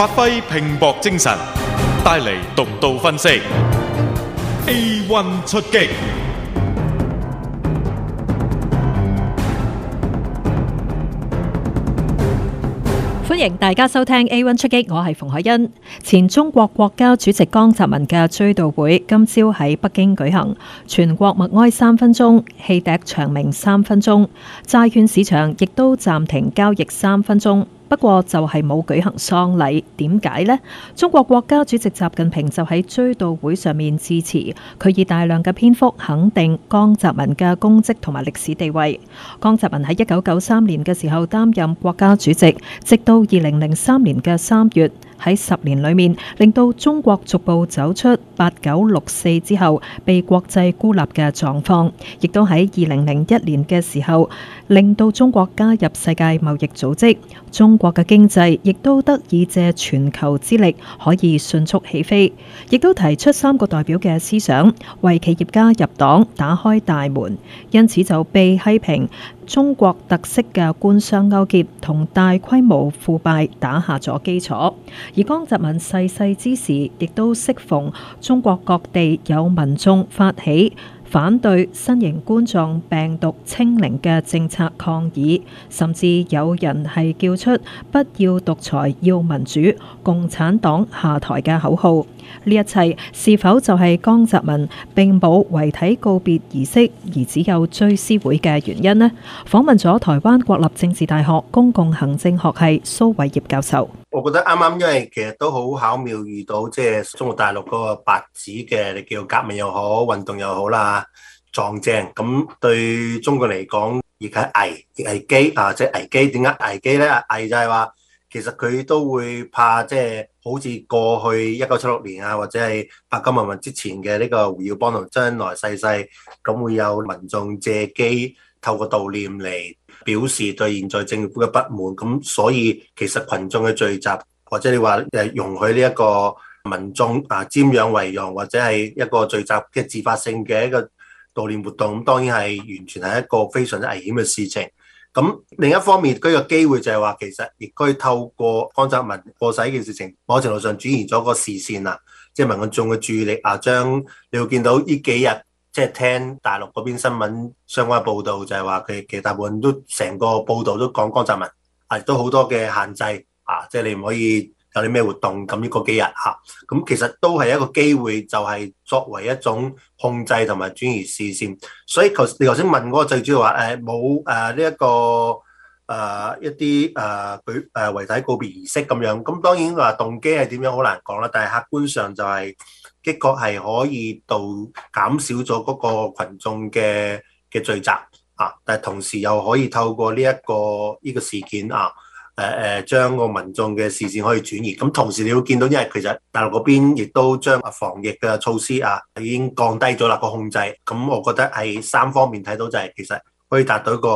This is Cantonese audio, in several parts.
發揮拼搏精神，帶嚟獨到分析。A one 出擊，歡迎大家收聽 A one 出擊，我係馮海欣。前中國國家主席江澤民嘅追悼會今朝喺北京舉行，全國默哀三分鐘，汽笛長鳴三分鐘，債券市場亦都暫停交易三分鐘。不過就係冇舉行喪禮，點解呢？中國國家主席習近平就喺追悼會上面致辭，佢以大量嘅篇幅肯定江澤民嘅功績同埋歷史地位。江澤民喺一九九三年嘅時候擔任國家主席，直到二零零三年嘅三月。喺十年裏面，令到中國逐步走出八九六四之後被國際孤立嘅狀況，亦都喺二零零一年嘅時候，令到中國加入世界貿易組織。中國嘅經濟亦都得以借全球之力，可以迅速起飛。亦都提出三個代表嘅思想，為企業家入黨打開大門。因此就被批評。中國特色嘅官商勾結同大規模腐敗打下咗基礎，而江澤民逝世之時，亦都適逢中國各地有民眾發起反對新型冠狀病毒清零嘅政策抗議，甚至有人係叫出不要獨裁，要民主，共產黨下台嘅口號。呢一切是否就係江澤民並冇遺體告別儀式而只有追思會嘅原因呢？訪問咗台灣國立政治大學公共行政學系蘇偉業教授。我覺得啱啱，因為其實都好巧妙遇到，即係中國大陸個白紙嘅，你叫革命又好，運動又好啦，壯正咁對中國嚟講，亦係危危機啊！即係危機，點解危機咧？危就係話，其實佢都會怕、就是，即係好似過去一九七六年啊，或者係八九民運之前嘅呢個胡耀邦同周恩來逝世、世，咁會有民眾借機透過悼念嚟。表示對現在政府嘅不滿，咁所以其實群眾嘅聚集，或者你話誒容許呢一個民眾啊瞻仰遺容，或者係一個聚集嘅自發性嘅一個悼念活動，咁當然係完全係一個非常之危險嘅事情。咁另一方面，佢嘅機會就係話，其實亦都透過江澤民過世嘅事情，某程度上轉移咗個視線啦，即係民眾嘅注意力啊，將你會見到呢幾日。即係聽大陸嗰邊新聞相關報道，就係話佢其實大部分都成個報道都講江澤民，啊亦都好多嘅限制啊，即、就、係、是、你唔可以有啲咩活動。咁呢嗰幾日嚇，咁、啊、其實都係一個機會，就係作為一種控制同埋轉移視線。所以頭你頭先問嗰個最主要話誒冇誒呢一個誒一啲誒舉誒、啊、遺體告別儀式咁樣。咁當然話動機係點樣好難講啦，但係客觀上就係、是。的確係可以到減少咗嗰個羣眾嘅嘅聚集啊，但係同時又可以透過呢、這、一個呢、這個事件啊，誒誒將個民眾嘅視線可以轉移，咁、啊、同時你會見到，因為其實大陸嗰邊亦都將防疫嘅措施啊，啊已經降低咗啦個控制，咁、啊、我覺得係三方面睇到就係其實。可以達到一個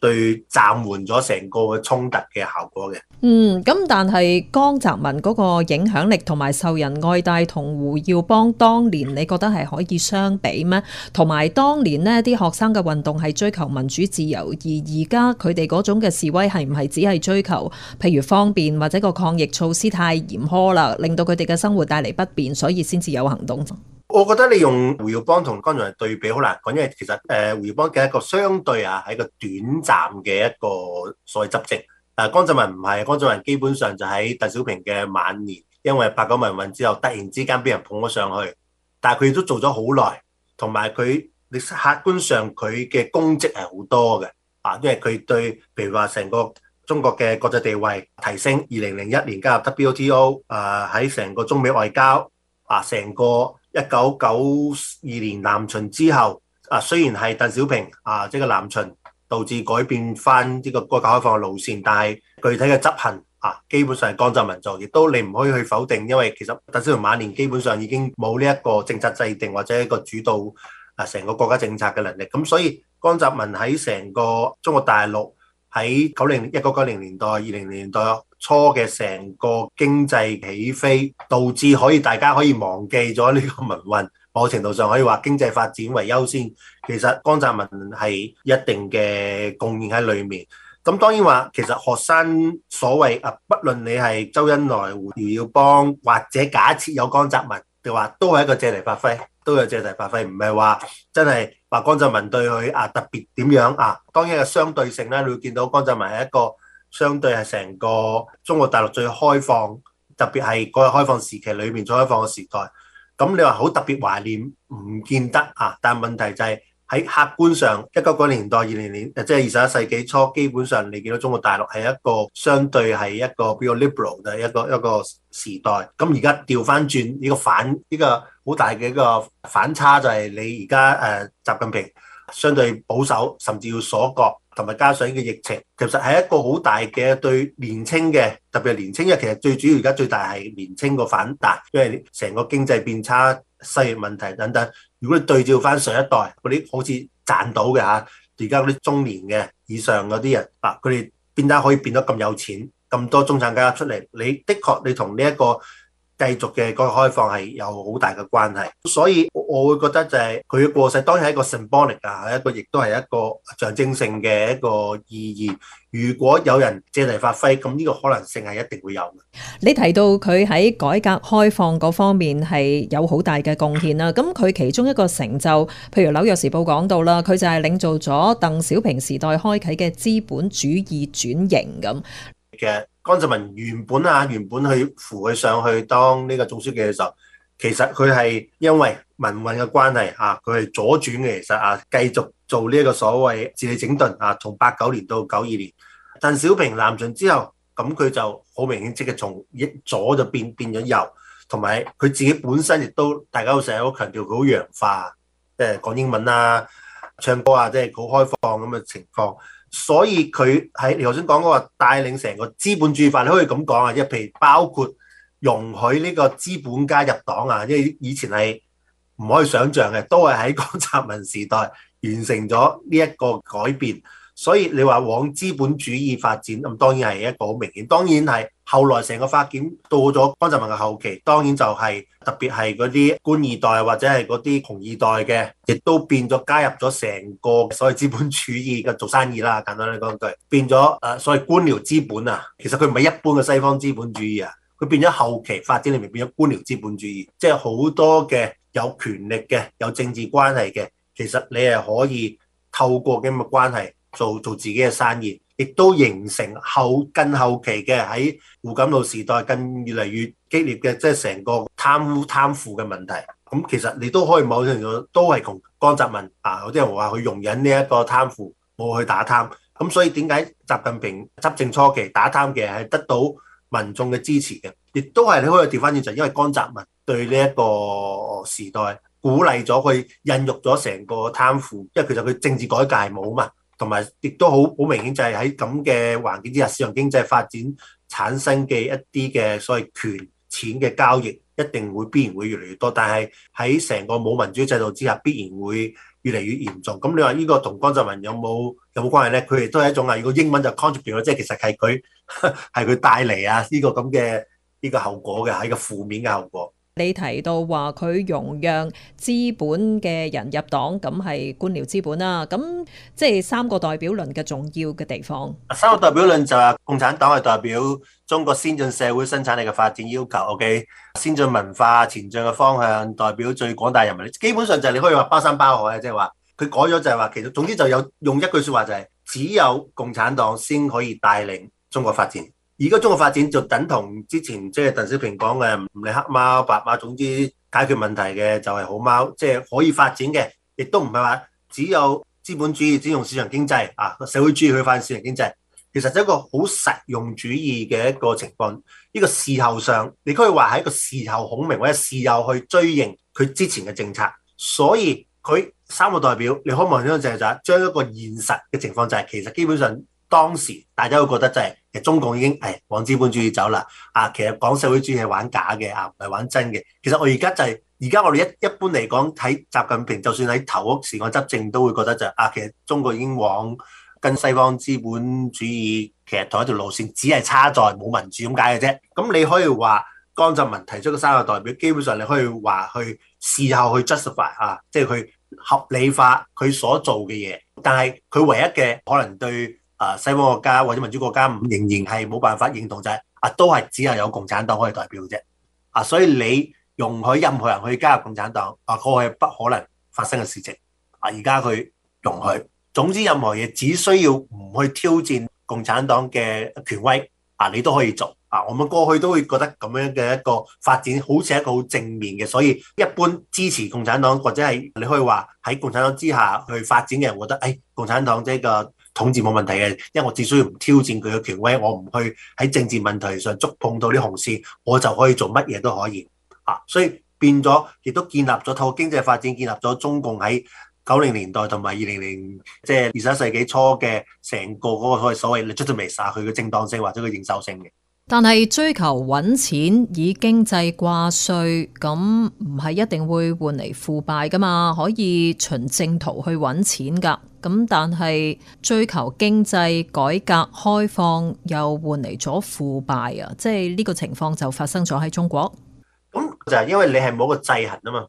對暫緩咗成個衝突嘅效果嘅。嗯，咁但係江澤民嗰個影響力同埋受人愛戴，同胡耀邦當年，嗯、你覺得係可以相比咩？同埋當年呢啲學生嘅運動係追求民主自由，而而家佢哋嗰種嘅示威係唔係只係追求譬如方便，或者個抗疫措施太嚴苛啦，令到佢哋嘅生活帶嚟不便，所以先至有行動。我覺得你用胡耀邦同江澤民對比好難講，因為其實誒、呃、胡耀邦嘅一個相對啊，係一個短暫嘅一個所謂執政。啊、呃，江澤民唔係，江澤民基本上就喺鄧小平嘅晚年，因為八九民運之後突然之間俾人捧咗上去，但係佢都做咗好耐，同埋佢你客觀上佢嘅功績係好多嘅啊，因為佢對譬如話成個中國嘅國際地位提升，二零零一年加入 WTO，啊喺成個中美外交啊成個。一九九二年南巡之後，啊，雖然係鄧小平啊，即係個南巡導致改變翻呢個國家開放嘅路線，但係具體嘅執行啊，基本上係江澤民做，亦都你唔可以去否定，因為其實鄧小平晚年基本上已經冇呢一個政策制定或者一個主導啊，成個國家政策嘅能力。咁所以江澤民喺成個中國大陸喺九零一九九零年代、二零年代。初嘅成個經濟起飛，導致可以大家可以忘記咗呢個民運，某程度上可以話經濟發展為優先。其實江澤民係一定嘅貢獻喺裏面。咁當然話，其實學生所謂啊，不論你係周恩來胡耀邦，或者假設有江澤民嘅話，都係一個借題發揮，都有借題發揮，唔係話真係話江澤民對佢啊特別點樣啊。當然係相對性啦，你會見到江澤民係一個。相對係成個中國大陸最開放，特別係嗰個開放時期裏面最開放嘅時代。咁你話好特別懷念，唔見得啊！但問題就係、是、喺客觀上，一九九零年代二零年，即係二十一世紀初，基本上你見到中國大陸係一個相對係一個比較 liberal 嘅一個一個，一個時代。咁而家調翻轉，呢個反呢個好大嘅一個反差就係你而家誒習近平相對保守，甚至要鎖國。同埋加上依個疫情，其實係一個好大嘅對年青嘅，特別係年青嘅，其實最主要而家最大係年青個反彈，因為成個經濟變差、失業問題等等。如果你對照翻上一代嗰啲好似賺到嘅嚇，而家嗰啲中年嘅以上嗰啲人，嗱，佢哋變得可以變得咁有錢，咁多中產階級出嚟，你的確你同呢一個。繼續嘅嗰個開放係有好大嘅關係，所以我會覺得就係佢嘅過世當然係一個 symbolic 啊，一個亦都係一個象徵性嘅一個意義。如果有人借嚟發揮，咁呢個可能性係一定會有。你提到佢喺改革開放嗰方面係有好大嘅貢獻啦，咁佢其中一個成就，譬如紐約時報講到啦，佢就係領導咗鄧小平時代開啓嘅資本主義轉型咁嘅。江澤民原本啊，原本去扶佢上去當呢個總書記嘅時候，其實佢係因為民運嘅關係啊，佢係左轉嘅。其實啊，繼續做呢一個所謂治理整頓啊，從八九年到九二年，鄧小平南巡之後，咁佢就好明顯即係從一左就變變咗右，同埋佢自己本身亦都，大家都成日好強調佢好洋化，即係講英文啊、唱歌啊，即係好開放咁嘅情況。所以佢喺你頭先講嗰個帶領成個資本主義法，你可以咁講啊，即係譬如包括容許呢個資本家入黨啊，即係以前係唔可以想象嘅，都係喺江澤民時代完成咗呢一個改變。所以你話往資本主義發展，咁當然係一個好明顯，當然係。後來成個發展到咗江澤民嘅後期，當然就係特別係嗰啲官二代或者係嗰啲窮二代嘅，亦都變咗加入咗成個所謂資本主義嘅做生意啦。簡單啲講句，變咗誒所謂官僚資本啊。其實佢唔係一般嘅西方資本主義啊，佢變咗後期發展裏面變咗官僚資本主義，即係好多嘅有權力嘅有政治關係嘅，其實你係可以透過噉嘅關係做做自己嘅生意。亦都形成後更後期嘅喺胡錦濤時代更越嚟越激烈嘅，即係成個貪污貪腐嘅問題。咁其實你都可以某程度都係同江澤民啊，有啲人話佢容忍呢一個貪腐，冇、嗯啊、去打貪。咁、嗯、所以點解習近平執政初期打貪嘅係得到民眾嘅支持嘅？亦都係你可以調翻轉就因為江澤民對呢一個時代鼓勵咗佢孕育咗成個貪腐，因為其實佢政治改革係冇嘛。同埋亦都好好明顯，就係喺咁嘅環境之下，市場經濟發展產生嘅一啲嘅所謂權錢嘅交易，一定會必然會越嚟越多。但係喺成個冇民主制度之下，必然會越嚟越嚴重。咁你話呢個同江澤民有冇有冇關係咧？佢亦都係一種啊，如果英文就 contribute 咗，即係其實係佢係佢帶嚟啊呢個咁嘅呢個後果嘅，係一個負面嘅後果。你提到話佢容讓資本嘅人入黨，咁係官僚資本啦。咁即係三個代表論嘅重要嘅地方。三個代表論就係共產黨係代表中國先進社會生產力嘅發展要求，OK？先進文化、前進嘅方向，代表最廣大人民。基本上就係你可以話包山包海啊，即係話佢改咗就係、是、話，其實總之就有用一句說話就係，只有共產黨先可以帶領中國發展。而家中國發展就等同之前，即係鄧小平講嘅，唔理黑貓白貓，總之解決問題嘅就係好貓，即係可以發展嘅，亦都唔係話只有資本主義只用市場經濟啊，社會主義去發展市場經濟，其實就一個好實用主義嘅一個情況。呢個事後上，你可以話係一個事後孔明或者事後去追認佢之前嘅政策，所以佢三個代表，你可以望到嘅就係將一個現實嘅情況就係其實基本上。當時大家都覺得就係、是、其實中共已經係往資本主義走啦，啊其實講社會主義係玩假嘅，啊唔係玩真嘅。其實我而家就係而家我哋一一般嚟講睇習近平，就算喺頭屋時我執政都會覺得就係、是、啊其實中國已經往跟西方資本主義其實同一條路線，只係差在冇民主咁解嘅啫。咁你可以話江澤民提出嘅三個代表，基本上你可以話去事後去 justify 啊，即係佢合理化佢所做嘅嘢。但係佢唯一嘅可能對啊，西方國家或者民主國家，仍然係冇辦法認同就係啊，都係只係有共產黨可以代表啫。啊，所以你容許任何人去加入共產黨，啊，過去係不可能發生嘅事情。啊，而家佢容許，總之任何嘢只需要唔去挑戰共產黨嘅權威啊，你都可以做。啊，我們過去都會覺得咁樣嘅一個發展好似一個好正面嘅，所以一般支持共產黨或者係你可以話喺共產黨之下去發展嘅人，覺得誒、哎，共產黨呢、這個。統治冇問題嘅，因為我只需要唔挑戰佢嘅權威，我唔去喺政治問題上觸碰到啲紅線，我就可以做乜嘢都可以嚇、啊。所以變咗亦都建立咗透過經濟發展，建立咗中共喺九零年代同埋二零零即係二十一世紀初嘅成個嗰、那個、所謂所謂 legitimacy 佢嘅正當性或者佢認受性嘅。但係追求揾錢以經濟掛稅，咁唔係一定會換嚟腐敗噶嘛？可以循正途去揾錢噶，咁但係追求經濟改革開放又換嚟咗腐敗啊！即係呢個情況就發生咗喺中國。咁就係因為你係冇個制衡啊嘛！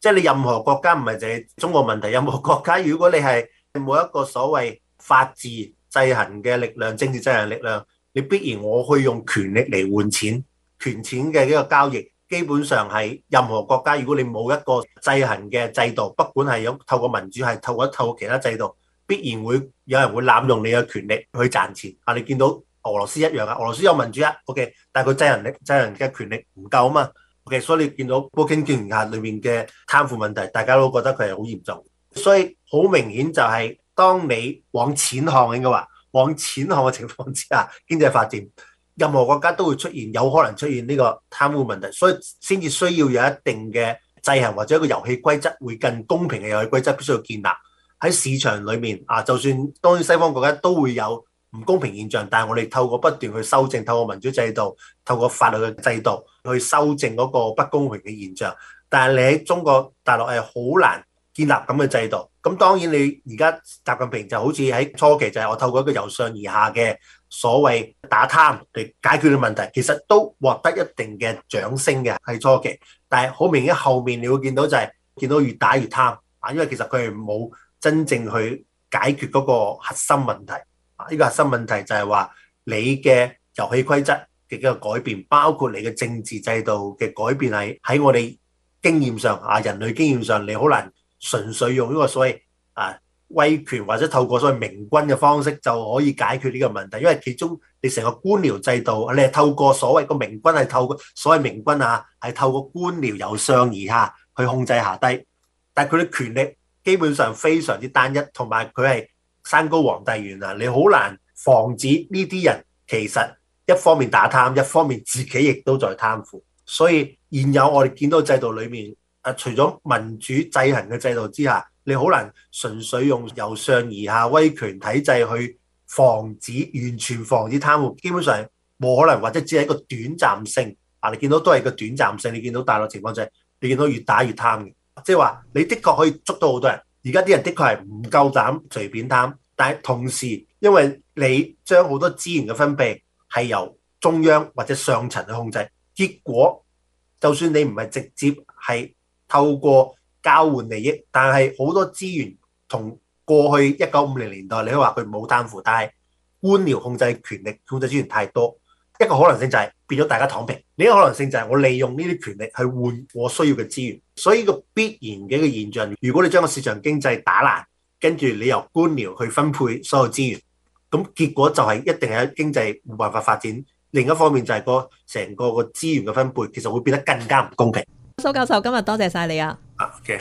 即係你任何國家唔係淨係中國問題，任何國家如果你係冇一個所謂法治制衡嘅力量、政治制衡力量。你必然我去用權力嚟換錢，權錢嘅呢個交易基本上係任何國家，如果你冇一個制衡嘅制度，不管係有透過民主，係透過透過其他制度，必然會有人會濫用你嘅權力去賺錢啊！你見到俄羅斯一樣啊，俄羅斯有民主啊，OK，但係佢制衡力、制衡嘅權力唔夠啊嘛，OK，所以你見到北京政權下裏面嘅貪腐問題，大家都覺得佢係好嚴重，所以好明顯就係、是、當你往錢看應該話，往前行嘅情況之下，經濟發展任何國家都會出現，有可能出現呢個貪污問題，所以先至需要有一定嘅制衡，或者一個遊戲規則會更公平嘅遊戲規則必須要建立喺市場裏面。啊，就算當然西方國家都會有唔公平現象，但係我哋透過不斷去修正，透過民主制度，透過法律嘅制度去修正嗰個不公平嘅現象。但係你喺中國大陸係好難。建立咁嘅制度，咁當然你而家習近平就好似喺初期就係我透過一個由上而下嘅所謂打貪嚟解決嘅問題，其實都獲得一定嘅掌聲嘅係初期，但係好明顯後面你會見到就係、是、見到越打越貪啊，因為其實佢係冇真正去解決嗰個核心問題啊！呢、這個核心問題就係話你嘅遊戲規則嘅一個改變，包括你嘅政治制度嘅改變係喺我哋經驗上啊，人類經驗上你好難。純粹用呢個所謂啊威權或者透過所謂明君嘅方式就可以解決呢個問題，因為其中你成個官僚制度，你係透過所謂嘅明君，係透過所謂明君啊，係透過官僚由上而下去控制下低。但係佢嘅權力基本上非常之單一，同埋佢係山高皇帝遠啊，你好難防止呢啲人其實一方面打貪，一方面自己亦都在貪腐。所以現有我哋見到制度裏面。除咗民主制衡嘅制度之下，你好難純粹用由上而下威權體制去防止，完全防止貪污，基本上冇可能，或者只係一個短暫性。啊！你見到都係個短暫性，你見到大陸情況就係，你見到越打越貪嘅，即係話你的確可以捉到好多人。而家啲人的確係唔夠膽隨便貪，但係同時因為你將好多資源嘅分配係由中央或者上層去控制，結果就算你唔係直接係。透過交換利益，但係好多資源同過去一九五零年代，你話佢冇貪腐，但係官僚控制權力、控制資源太多，一個可能性就係變咗大家躺平，另一個可能性就係我利用呢啲權力去換我需要嘅資源，所以個必然嘅一個現象。如果你將個市場經濟打爛，跟住你由官僚去分配所有資源，咁結果就係一定係經濟冇辦法發展。另一方面就係個成個個資源嘅分配，其實會變得更加唔公平。蘇教授，今日多謝晒你啊！Okay.